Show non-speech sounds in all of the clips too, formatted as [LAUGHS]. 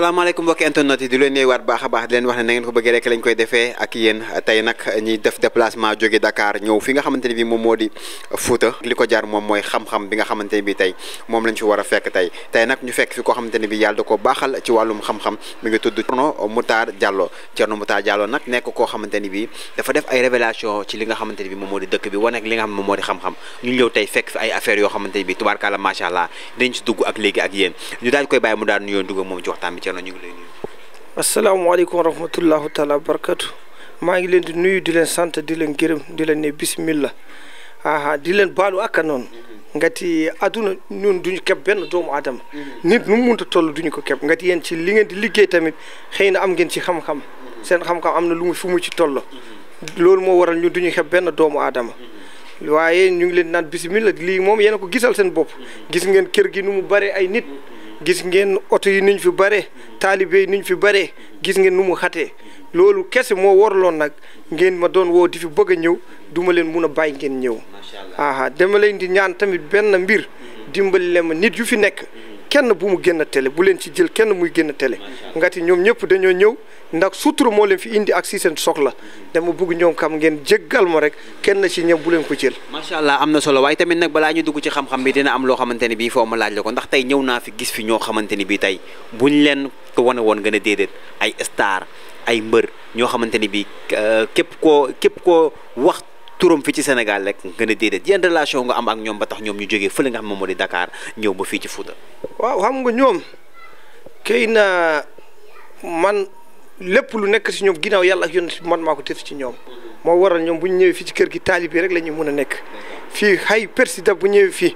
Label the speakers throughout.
Speaker 1: salaamaaleykum mbokki internet yi di leen nuyuwaat baax a baax di leen wax ne na ngeen ko bëggee rek lañ koy defee ak yéen tey nag ñuy def déplacement jóge Dakar ñëw fi nga xamante ne bii moom moo di ko jaar moom mooy xam-xam bi nga xamante ne bii tey moom lañ war a fekk tey tey nag ñu fi koo xamante ne bii yàlla da ko baaxal ci wàllum xam-xam mi ngi tudd Thierno Moutar Diallo Thierno Moutar Diallo nag nekk koo xamante ni bii dafa def ay révélation ci li nga xamante ne moom moo di dëkk bi wane ak li nga xam ne moom moo di xam-xam ñu ñëw tey fekk fi ay affaires yoo xamante ne bii tubaarkàlla macha allah dañ ci dugg Cerno ñu ngi lay nuyu.
Speaker 2: asalaamaaleykum wa maa ngi leen di nuyu di leen sant di leen gërëm di leen ne bismillah aha di leen baalu akka noonu ngati aduna ñun duñu keb benn doomu aadama nit nu munta toll duñu ko keb ngati yéen ci li ngeen di liggéey tamit xëy na am ngeen ci xam-xam seen xam-xam am na lu mu fu mu ci toll loolu moo waral ñun duñu keb benn doomu aadama waaye ñu ngi leen naan bismillah lii moom yéen a ko gisal seen bopp gis ngeen kër gi nu mu bare ay nit gis ngeen oto yi niñ fi bare taalibe yi ñu fi bare gis ngeen nu mu xatee loolu kese moo warloon nag ngeen ma doon woo di fi bëgg a ñëw duma leen mun a bàyyi ngeen ñëw aha dama leen di ñaan tamit benn mbir dimbali leen ma nit yu fi nekk kenn bu mu génn télé bu leen ci jël kenn muy a télé ngati ñoom ñëpp dañoo ñëw ndax sutura moo leen fi indi ak si seen soxla dama bugg ñëw kam ngeen jéggal ma rek kenn ci ñëw bu leen ko jël
Speaker 1: macha allah am na solo waaye tamit nag balaa ñu dugg ci xam-xam bi am loo xamante ne bii foo ma laaj la ko ndax tey ñëw naa fi gis fi ñoo xamante ni bii tey buñ leen ko wane woon gën a déedéet ay star ay mbër ñoo xamante ni bii euh, képp koo képp koo wax turam fi ci Sénégal rek nga ne déedéet yan relation am ak ñoom ba tax ñoom ñu jógee fële nga xam moom moo di Dakar ñëw ba fii ci Fouta.
Speaker 2: waaw xam nga ñoom këy na man lépp lu nekk si ñoom ginnaaw yàlla ak yonent man maa ko tëf ci ñoom moo waral ñoom bu ñëwee fii ci kër gi taalib bi rek la ñuy mun a nekk fii xay président bu ñëwee fii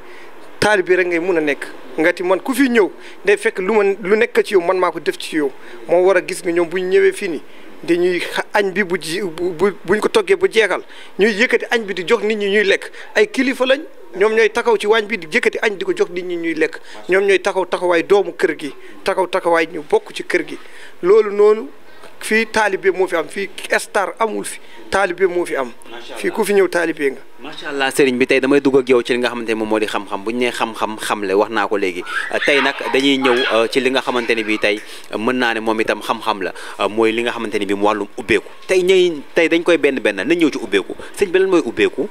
Speaker 2: taalib bi rek ngay mun a nekk. nga man ku fi ñëw day fekk lu ma lu nekk ci yow man maa ko def ci yow moo war a gis nga ñoom bu ñëwee fii nii. di ñuy añ bi bu ji bu buñ ko toggee bu jeexal ñuy yëkkati añ bi di jox nit ñi ñuy lekk ay kilifa lañ ñoom ñooy taxaw ci waañ bi di yëkkati añ di ko jox nit ñi ñuy lekk ñoom ñooy taxaw taxawaay doomu kër gi taxaw taxawaay ñu bokk ci kër gi loolu noonu fii taalibe moo fi am fii star amul fi taalibe moo fi am. fii ku fi ñëw taalibe nga.
Speaker 1: macha allah sëriñ bi tey damay dugg ak yow ci li nga xamante ne moom moo di xam ñu nee xam-xam xamle wax naa ko léegi euh, tey nag dañuy ñëw euh, ci li nga xamante ne bii tey euh, mën naa ne moom itam xam-xam la mooy li nga xamante ne bii mu wàllum ubbeeku tey ñooy tey dañ koy benn benn nañ ñëw ci ubbeeku sëñ bi lan mooy ubbeeku.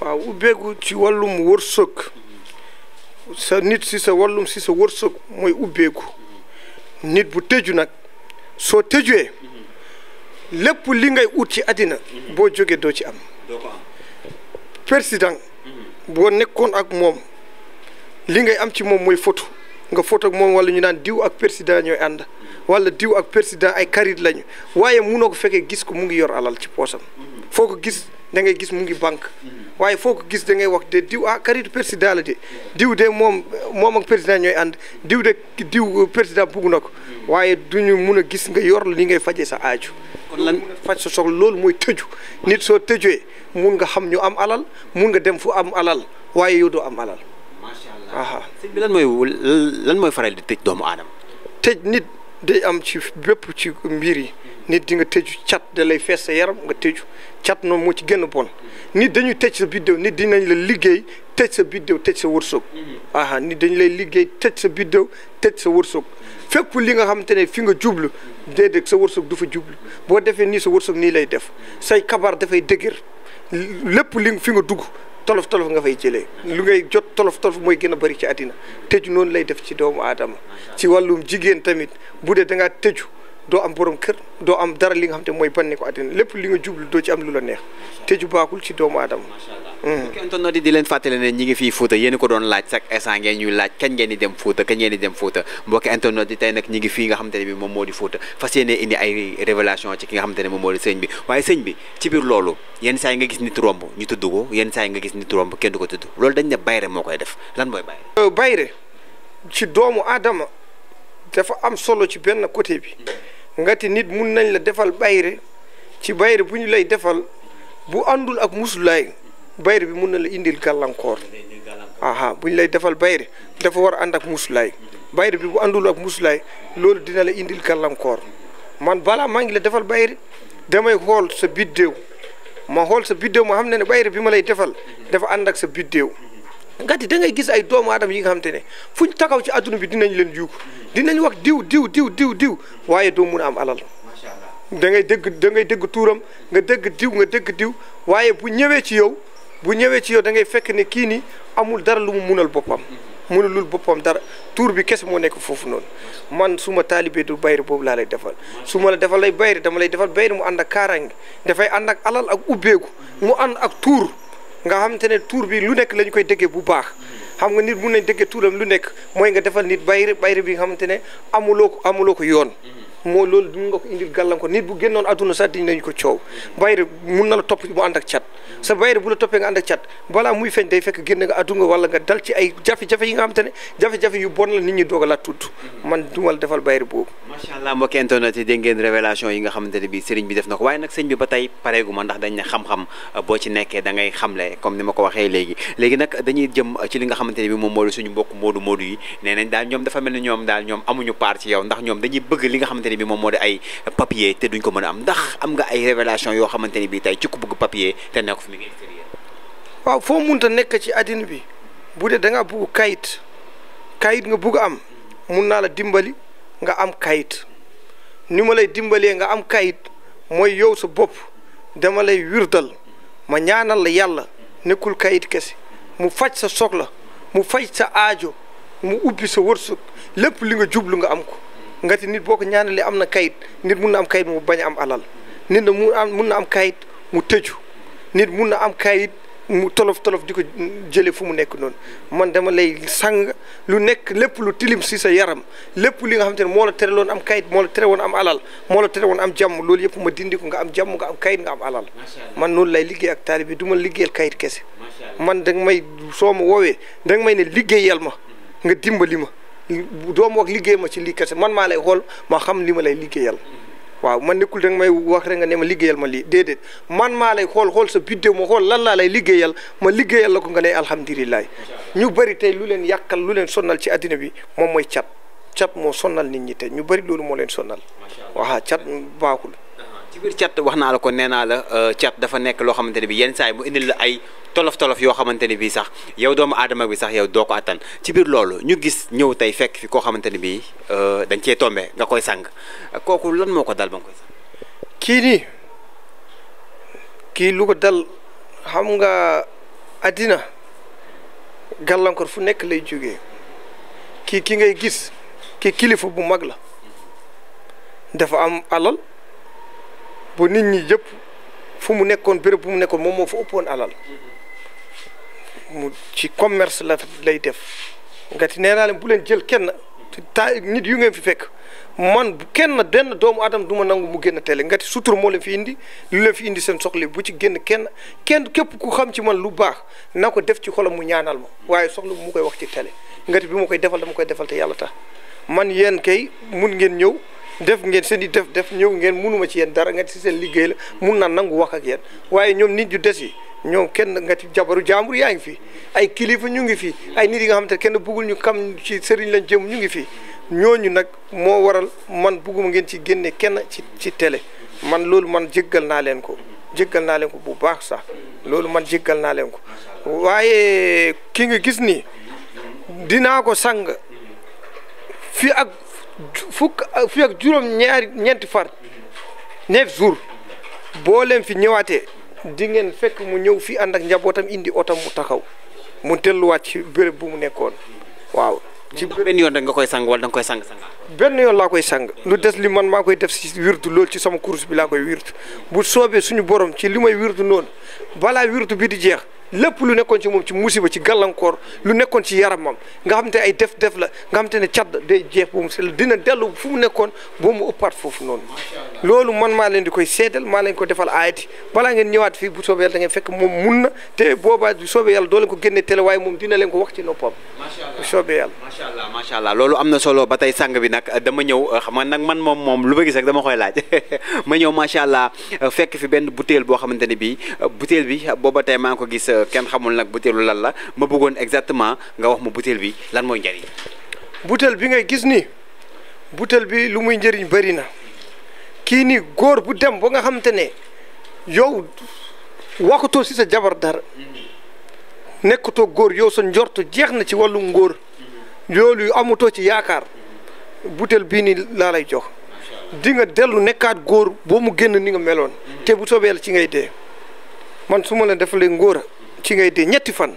Speaker 2: waaw ubbeeku ci wàllum wërsëg sa nit si sa wàllum si sa wërsëg mooy ubbeeku nit bu tëju nag soo tëjuwee lépp li ngay ut ci àddina boo jógee doo ci am président boo nekkoon ak moom li ngay am ci moom mooy photo nga foto moom wala ñu naan diw ak président ñooy ànd wala diw ak président ay karit lañu waaye munoo ko fekkee gis ko mu ngi yor alal ci poosam mm-hmm. foo ko gis da ngay gis mu ngi banque waaye foo ko gis da ngay wax de diw ah karitu président la de diw de moom moom ak président ñooy ànd diw de diw euh, président bugg na ko waaye ñu mun a gis nga yor li ngay fajee sa aaju lan faj sa soxla loolu mooy tëju nit soo tëjee mun nga xam ñu am alal mun nga dem fu am alal waaye yow doo am alal
Speaker 1: aha sëñ bi lan mooy lan mooy faral di tëj doomu aadama tëj nit
Speaker 2: day am ci bépp ci mbir yi nit di nga tëju cat da lay fees sa yaram nga tëju cat noonu moo ci gën a bon nit dañuy tëj sa biddéew nit dinañ la liggéey tëj sa biddéew tëj sa wërsëg aha nit lay liggéey tëj sa biddéew tëj sa wërsëg fekk li nga xamante ne fi nga jublu déedéet sa wërsëg du fa jublu boo defee nii sa wërsëg nii lay def say kabar dafay dëgër lépp li fi nga dugg tolof tolof nga fay jëlee lu ngay jot tolof tolof mooy gën a bëri ci àddina tëju noonu lay def ci doomu aadama ci wàllum jigéen tamit bu dee da ngaa tëju doo am borom kër doo am dara li nga xam te mooy banne ko àddina lépp li nga jublu doo ci am lu la neex te ju baaxul ci doomu aadama.
Speaker 1: Mm. ko doon laaj chaque instant ngeen ñuy laaj kañ ngeen di dem Fouta kañ ngeen di moom moo di Fouta fas yéene indi ay révélation ci ki nga xamante ne moom dafa am solo ci
Speaker 2: benn côté bi ngati nit mun nañ la defal bayre ci bayre bu ñu lay defal bu àndul ak musulaay bayre bi mun na la indil gàllankoor aha bu ñu lay defal bayre dafa war a ànd ak musulaay bayre bi bu àndul musulaay loolu dina la indil gàllankoor man balaa maa ngi la defal bayre damay xool sa biddéew ma xool sa biddéew ma xam ne ne bayre bi ma lay defal dafa ànd ak sa biddéew nga di da ngay gis ay doomu aadama yi nga xam te ne fu ñu taxaw ci adduna bi dinañ leen yuuxu dinañ wax diw diw diw diw diw waaye doo mun a am alal da ngay dégg da ngay dégg tuuram nga dégg diw nga dëgg diw waaye bu ñëwee ci yow bu ñëwee ci yow da ngay fekk ne kii nii amul dara lu mu munal boppam munu mënulul boppam dara tuur bi kese moo nekk foofu noonu man suma taalibee du bayri boobu laa lay defal su ma la defal lay bayri dama lay defal bayri mu ànd ak kaaraange dafay ànd ak alal ak ubbeeku mu ànd ak tuur nga xamante ne tuur bi lu nekk lañu koy déggee bu baax xam nga nit mun nañ déggee tuuram lu nekk mooy nga defal nit bayre bayre bi nga xamante ne amuloo ko amuloo ko yoon moo loolu mun nga ko indil gàllankoor nit bu génnoon adduna sax dañ ko coow bayre mun na la topp mu ànd ak cat sa bayre bu la toppee nga ànd ak cat balaa muy feeñ day fekk génn adduna wala nga dal ci ay jafe xam te ne jafe
Speaker 1: ne bi sëriñ bi def na ko waaye nag sëñ bi ba euh, ma ko waxee léegi léegi nag dañuy jëm euh, ci li nga xamante ne bi moom moo di suñu mbokk moodu moodu yi nee nañ daal ñoom dafa mel ñoom daal ñoom amuñu part yow ndax ñoom dañuy bëgg li nga xamante moom moo de ay papier te duñ ko mën a am ndax am nga ay révélation yoo xamante ni bi tey ci ku bëgg papier te nekk fi mu
Speaker 2: waaw foo munta nekk ci àddina bi bu dee da ngaa bugg kayit kayit nga bugg am mun naa la dimbali nga am kayit ni ma lay dimbalee nga am kayit mooy yow sa bopp dama lay wirdal ma ñaanal la yàlla nekkul kayit kese mu faj sa soxla mu faj sa aajo mu ubbi sa wërsëg lépp li nga jublu nga am ko ngati nit boo ko ñaanalee am na kayit nit mun na am kayit mu bañ am alal nit na mu am mun na am kayit mu tëju nit mun na am kayit mu tolof tolof di ko jëlee fu mu nekk noonu man dama lay sang lu nekk lépp lu tilim si sa yaram lépp li nga xam te ne moo la tere woon am kayit moo la tere woon am alal moo tere woon am jàmm loolu yëpp ma dindi ko nga am jàmm nga am kayit nga am alal man noonu lay liggéey ak taalibe du ma liggéeyal kayit kese man danga may soo ma woowee danga may ne liggéeyal ma nga dimbali ma. doomu wax liggéey ma ci lii kese man maa lay xool ma xam li ma lay liggéeyal waaw man nekkul da nga may wax rek nga ne ma liggéeyal ma lii déedéet man maa lay xool xool sa biddew ma xool lan laa lay liggéeyal ma liggéeyal la ko nga ne alhamdulilah ñu bëri tey lu leen yàqal lu leen sonnal ci àddina bi moom mooy cat cat moo sonnal nit ñi tey ñu bëri loolu moo leen sonnal waaw cat baaxul
Speaker 1: ci biir cat wax naa la ko nee naa la euh, cat dafa nekk loo xamante ne bii yenn saay mu indi la ay tolof tolof yoo xamante ne bii sax yow doomu aadama bi sax yow doo ko attan ci biir loolu ñu gis ñëw tey fekk fi koo xamante ne bii euh, dañ cee tombé nga koy sàng kooku lan moo ko dal ba
Speaker 2: kii nii dal xam nga addina gàllankoor fu nekk lay jógee kii ki ngay gis kii kilifa bu mag la dafa am alal. ba nit ñi jëpp fu mu nekkoon béréb bu mu nekkoon moom moo fa ëppoon alal mu ci commerce la lay def ngati ti nee naa leen bu leen jël kenn ta nit yu ngeen fi fekk man kenn denn doomu aadama duma ma nangu mu génn télé nga ti sutur moo la fi indi lu leen fi indi seen soxla bu ci génn kenn kenn képp ku xam ci man lu baax na ko def ci xolom mu ñaanal ma waaye soxla mu koy wax ci télé nga bi mu koy defal dama koy defal te yàlla tax man yéen kay mun ngeen ñëw def ngeen seen i def def ñëw ngeen munuma ci yéen dara nga ci seen liggéey la mun naa nangu wax ak waaye ñoom nit ñu des yi ñoom kenn nga ci jabaru jaambur yaa ngi fi ay kilifa ñu ngi fi ay nit yi nga xam te kenn bëggul ñu kam ci sëriñ lañ jëm ñu ngi fi ñooñu nag moo waral man bëgguma ngeen ci génne kenn ci ci télé man loolu man jéggal naa leen ko jéggal naa leen ko bu baax sax loolu man jéggal naa leen ko waaye ki nga gis ni dinaa ko sang fi fukk fi ak juróom ñaari ñeenti far nekk jours boo leen fi ñëwaatee di ngeen fekk mu ñëw fii ànd ak njabootam indi otam mu taxaw mu delluwaat ci béréb bu
Speaker 1: mu nekkoon waaw. ci benn yoon da nga koy sang da nga koy sang sang. benn yoon laa koy sang
Speaker 2: lu des li man maa koy def si wirtu lool ci sama course bi laa koy wirtu bu soobee suñu borom ci li may wirtu noonu balaa wirtu bi di jeex. lépp lu nekkoon ci moom ci musiba ci gàllankoor lu nekkoon ci yaramam nga xam te ay def-def la nga xam te ne cat day jeex bu mu dina dellu fu mu nekkoon boo mu ëppaat foofu noonu loolu man maa leen di koy seedal maa leen ko defal aayati balaa ngeen ñëwaat fii bu soobee yàlla da ngeen fekk moom mun na te boobaa bu soobee yàlla doo ko génne télé waaye moom dina leen ko wax ci noppam
Speaker 1: soobee yàlla macha allah loolu am na solo ba tey sàng bi nag eh, dama ñëw eh, xam nag man moom moom lu ba gis rek dama koy laaj [LAUGHS] ma ñëw macha allah eh, fekk fi benn butéel boo xamante ne bi butéel bi booba tey maa ngi ko gis kenn xamul nag butéelu lan la ma bëggoon exactement nga wax ma butéel bi lan mooy njëriñ.
Speaker 2: butéel bi ngay gis ni butéel bi lu muy njëriñ bari na kii nii góor bu dem ba nga xamante ne yow waxatoo si sa jabar dara nekkatoo góor yow sa njortu jeex na ci wàllu ngóor loolu amatoo ci yaakaar butéel bi ni laa lay jox di nga dellu nekkaat góor boo mu génn ni nga meloon te bu soobee yàlla ci ngay dee man su ma la defalee ngóora ci ngay de ñetti fan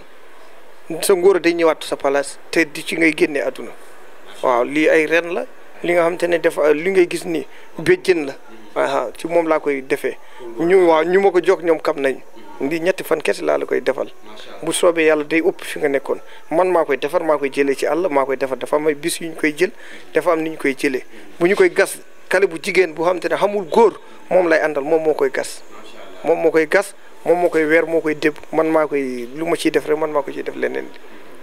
Speaker 2: sa ngóor day ñëwaat sa palaas te di ci ngay génnee àdduna waaw lii ay ren la li nga xam te ne def li ngay gis nii béjjën la waaw ci moom laa koy defee ñu waaw ñu ma ko jox ñoom xam nañ ndi ñetti fan kese laa la koy defal bu soobee yàlla day ëpp fi nga nekkoon man maa koy defar maa koy jëlee ci àll maa koy defar dafa am bis yu ñu koy jël dafa am ni ñu koy jëlee bu ñu koy gas kale bu jigéen bu xam te ne xamul góor moom lay àndal moom moo koy gas moom moo koy gas moom moo koy weer moo koy déb man maa koy lu ma ciy def rek man maa ko ciy def leneen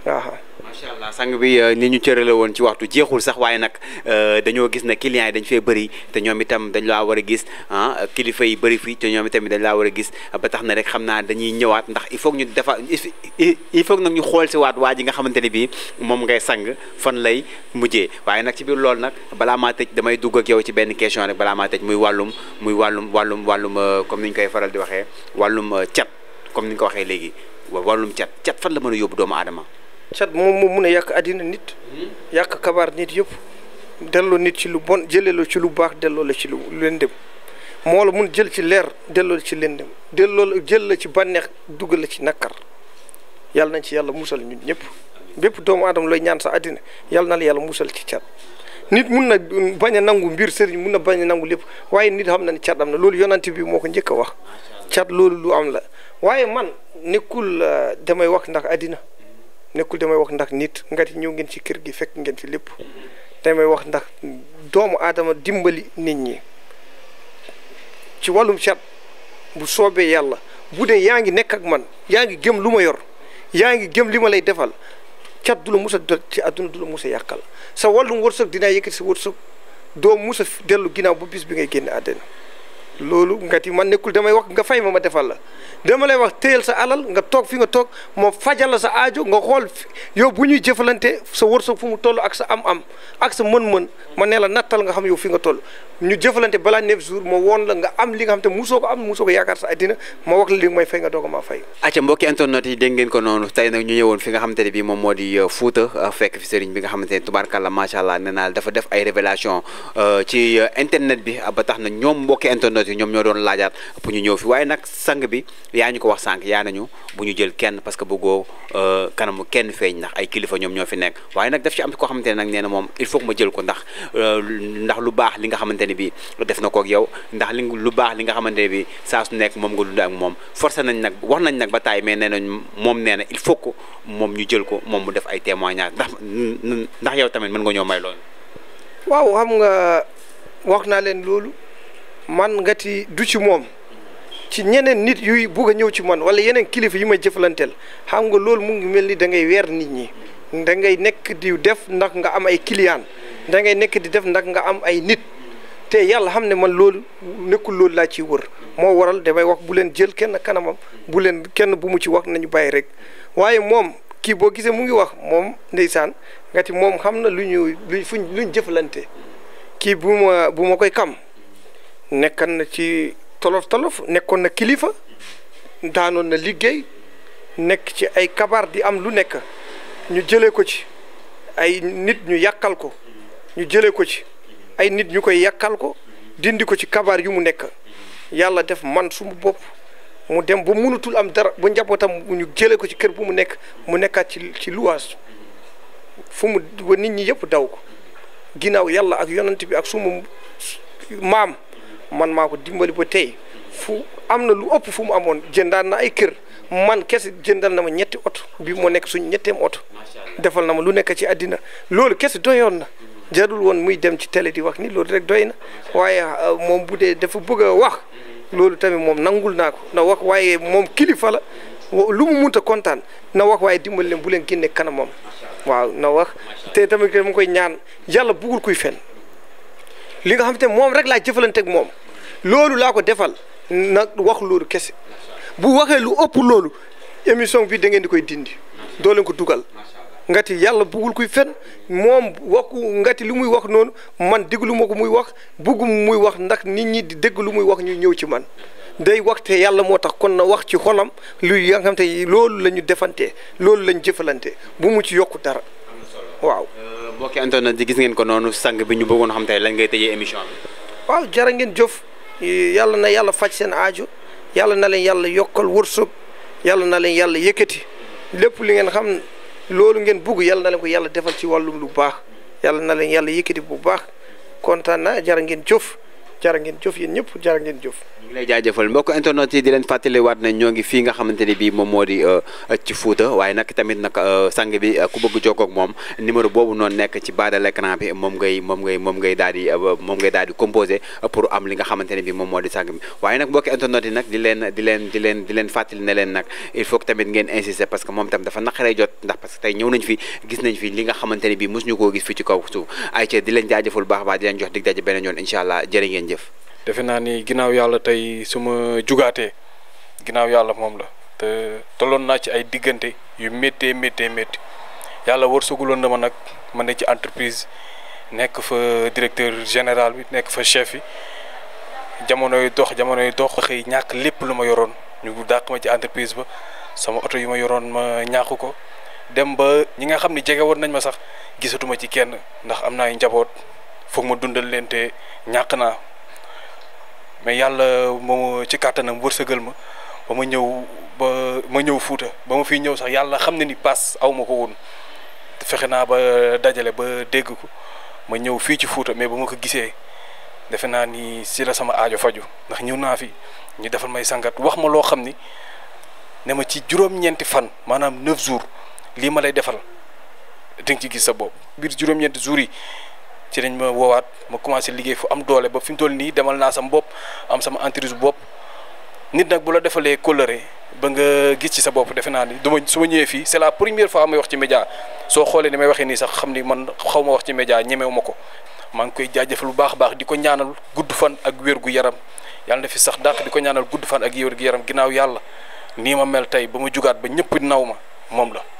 Speaker 1: waaw. macha allah sang bi euh, ni ñu cërale woon ci waxtu jeexul sax waaye nag euh, dañoo gis ne clients yi dañ fee bari te ñoom itam dañ laa war a gis ah kilifa yi bari fii te ñoom itam dañu laa war a gis ba tax na rek xam naa dañuy ñëwaat ndax il faut que ñu defa il faut nag ñu xool si waat waa ji nga xamante ne bii moom ngay sang fan lay mujjee waaye nag ci biir loolu nag balaa maa tëj damay dugg ak yow ci benn question rek balaa maa tëj muy wàllum muy wàllum wàllum wàllum euh, comme ni ñu koy faral di waxee wàllum cat comme ni ñu ko waxee léegi wàllum cat cat fan la mën yóbbu doomu aadama cat
Speaker 2: moom moo mun a yàkk àddina nit hmm? yàq kabaar nit yëpp delloo nit ci lu bon jëlee la ci lu baax delloo la ci lu lëndëm moo la mun jël ci leer delloo la ci lëndëm delloo la jël la ci bànneex dugal la ci nakkar yàlla nañ ci yàlla musal ñun ñëpp bépp doomu aadama lay ñaan sa àddina yàlla na la yàlla musal ci cat nit mun na bañ a nangu mbir sëriñ mun na bañ a nangu lépp waaye nit xam na ne cat am na loolu yonante bi moo ko njëkk a wax cat loolu lu am la waaye man nekkul euh, damay wax ndax àddina nekkul damay wax ndax nit nga ñëw ngeen ci kër gi fekk ngeen fi lépp damay wax ndax doomu aadama dimbali nit ñi ci wàllum cat bu soobee yàlla bu dee yaa ngi nekk ak man yaa ngi gëm lu ma yor yaa ngi gëm li ma lay defal cat du la mus a dot ci àdduna du la mus a yàqal sa wàllum wërsëg dinaa yëkkati sa wërsëg doo mus a dellu ginnaaw bu bis bi ngay génn àddina loolu nga ngati man nekkul damay wax nga fay ma ma defal la dama lay wax téyel sa alal nga toog fi nga toog ma fajal la sa aajo nga xool yow bu ñuy jëfalante sa war wërsëg fu mu toll ak sa am-am ak sa mën-mën ma ne la nattal nga xam yow fi nga toll ñu jëfalante balaa neuf jours ma woon la nga am li nga xam te musoo am musoo ko yaakaar sa addina ma wax la li may fay nga doog a maa fay
Speaker 1: acca mbokki internet yi dégg ngeen ko noonu tey nag ñu ñëwoon fi nga xamante ne bii moom moo di euh, Fouta euh, fekk fi sëriñ nga xamante ne tubaarkàlla macha allah nee naa dafa def ay révélation euh, ci internet bi ba tax na ñoom mbokki internet internet yi ñoom ñoo doon laajaat pour ñu ñëw fi waaye nag sang bi yaa ñu ko wax sànq yaa nañu bu ñu jël kenn parce que bëggoo euh, kanamu kenn feeñ ndax ay kilifa ñoom ñoo fi nekk waaye nag daf ci am koo xamante ne nag nee na moom il faut que ma ko ndax euh, ndax lu baax li nga xamante ne bii def na ko ak yow ndax li lu baax li nga xamante ne bii saa nekk moom nga dund ak moom forcé nañ nag wax nañ nag ba taay mais nee nañ moom nee na il faut que moom ñu jël ko moom mu def ay témoignage ndax ndax yow tamit mën nga ñoo may loolu
Speaker 2: waaw xam nga wax naa leen loolu man ngati du ci moom ci ñeneen nit yuy bugg a ñëw ci man wala yeneen kilifa yu may jëflanteel xam nga loolu mu ngi mel ni da ngay weer nit ñi da ngay nekk di def ndax nga am ay client da ngay nekk di def ndax nga am ay nit te yàlla xam ne man loolu nekkul loolu laa ci wër moo waral damay wax bu leen jël kenn kanamam bu leen kenn bu mu ci wax nañu bàyyi rek waaye moom kii boo gisee mu ngi wax moom ndeysaan ngati moom xam na lu ñu fu fuñ luñ jëflante kii bu bu ma koy kam nekkan na ci tolof tolof nekkoon na kilifa daanoon na liggéey nekk ci ay kabaar di am lu nekk ñu jëlee ko ci ay nit ñu yàkkal ko ñu jëlee ko ci ay nit ñu koy yàkkal ko dindi ko ci kabaar yu mu nekk yàlla def man sumu bopp mu dem ba munutul am dara ba njabootam ñu jëlee ko ci kër bu mu nekk mu nekkaat ci ci luwaas fu mu nit ñi yëpp daw ko ginnaaw yàlla ak yonent bi ak sumu maam man maa ko dimbali ba tey fu am na lu ëpp fu mu amoon jëndaan na ay kër man kese jëndal na ma ñetti oto bii moo nekk suñ ñetteem oto defal na ma lu nekk ci àddina loolu kese doyoon na jarul woon muy dem ci télé di wax ni loolu rek doy na waaye euh, moom bu dee dafa bëgg a wax loolu tamit moom nangul naa ko na wax waaye moom kilifa la lu mu munta kontaan na wax waaye dimbali leen bu leen génne kanamam waaw na wax te tamit mu koy ñaan yàlla bugul kuy fen li nga xam te moom rek laa jëfalante ak moom loolu laa ko defal nag wax loolu kese bu waxee lu ëpp loolu émission bi da ngeen di koy dindi doo leen ko dugal ngati yàlla buggul kuy fen moom waxu ngati lu muy wax noonu man déglu ma ko muy wax buggum muy wax ndax nit ñi di dégg lu muy wax ñuy ñëw ci man day waxte yàlla moo tax kon na wax ci xolam luy nga xam te loolu la ñu defante loolu la ñu jëfalante bu mu ci yokku dara
Speaker 1: waaw. mbokki internet ji gis ngeen ko noonu sang bi ñu bëggoon xam tey lan ngay tëjee émission
Speaker 2: bi. yàlla na yàlla faj seen aajo yàlla na leen yàlla yokkal wërsëg yàlla na leen yàlla yëkkati lépp li ngeen xam loolu ngeen bugg yàlla na leen ko yàlla defal ci wàllum lu baax yàlla na leen yàlla yëkkati bu baax kontaan naa jara ngeen jof jara ngeen jof yéen ñëpp jara ngeen jëf
Speaker 1: lay jaajëfal mbokk internet di leen fàttaliwaat ne ñoo ngi fi nga xamante ni bii moom moo di euh, ci tamit nag euh, sang bi euh, ku bëgg jokkoo ak moom numéro boobu noonu nekk ci bas de l'écran bi moom moom ngay daal di moom ngay daal di composé pour am li nga xamante ne bii moom moo di sang bi waaye nag mbokk internet yi nag di leen di leen leen di ne leen nag il faut tamit ngeen insister parce que moom tam dafa naqaree jot ndax parce que tey ñëw nañ fi gis nañ fi li nga xamante ne bii mosuñu koo gis fi ci kaw suuf ay di leen jaajëfal baax baax di leen jox dig daje beneen yoon incha allah jërë ngeen jëf defe naa ni ginnaaw yàlla tey
Speaker 3: su ma jugaatee ginnaaw yàlla moom la te tolloon naa ci ay diggante yu méttee méttee métti yàlla wërsëguloon na ma nag ma ne ci entreprise nekk fa directeur général bi nekk fa chef yi jamonoy dox jamonoy dox xëy ñàkk lépp lu ma yoroon ñu dàq ma ci entreprise ba sama oto yu ma yoroon ma ñàkk ko dem ba ñi nga xam ne jegewoon nañ ma sax gisatuma ci kenn ndax am na ay njaboot foog ma dundal leen te ñàkk naa mais yàlla moom ci kàttanam wërsëgal ma ba ma ñëw ba ma ñëw Fuuta ba ma fi ñëw sax yàlla xam ne ni paas aw ma ko woon fexe naa ba dajale ba dégg ko ma ñëw fii ci Fuuta mais ba ma ko gisee defe naa ni si la sama aajo faju ndax ñëw naa fi ñu defal may sangat wax ma loo xam ni ne ma ci juróom-ñeenti fan maanaam neuf jours lii ma lay defal di ci gis sa bopp biir juróom-ñeenti jours yi ci lañ ma woowaat ma commencé liggéey fu am doole ba fi mu toll nii demal naa sama bopp am sama entreprise bopp nit nag bu la defalee coloré ba nga gis ci sa bopp defe naa ni du ma su ma ñëwee fii c'est la première fois may wax ci média soo xoolee ni ma waxee nii sax xam ni man xaw ma wax ci média ñemewu ma ko maa ngi koy jaajëfal bu baax a baax di ko ñaanal gudd fan ak wér gu yaram yàlla na fi sax dàq di ko ñaanal gudd fan ak wér gu yaram ginnaaw yàlla nii ma mel tey ba ma jugaat ba ñëpp naw ma moom la.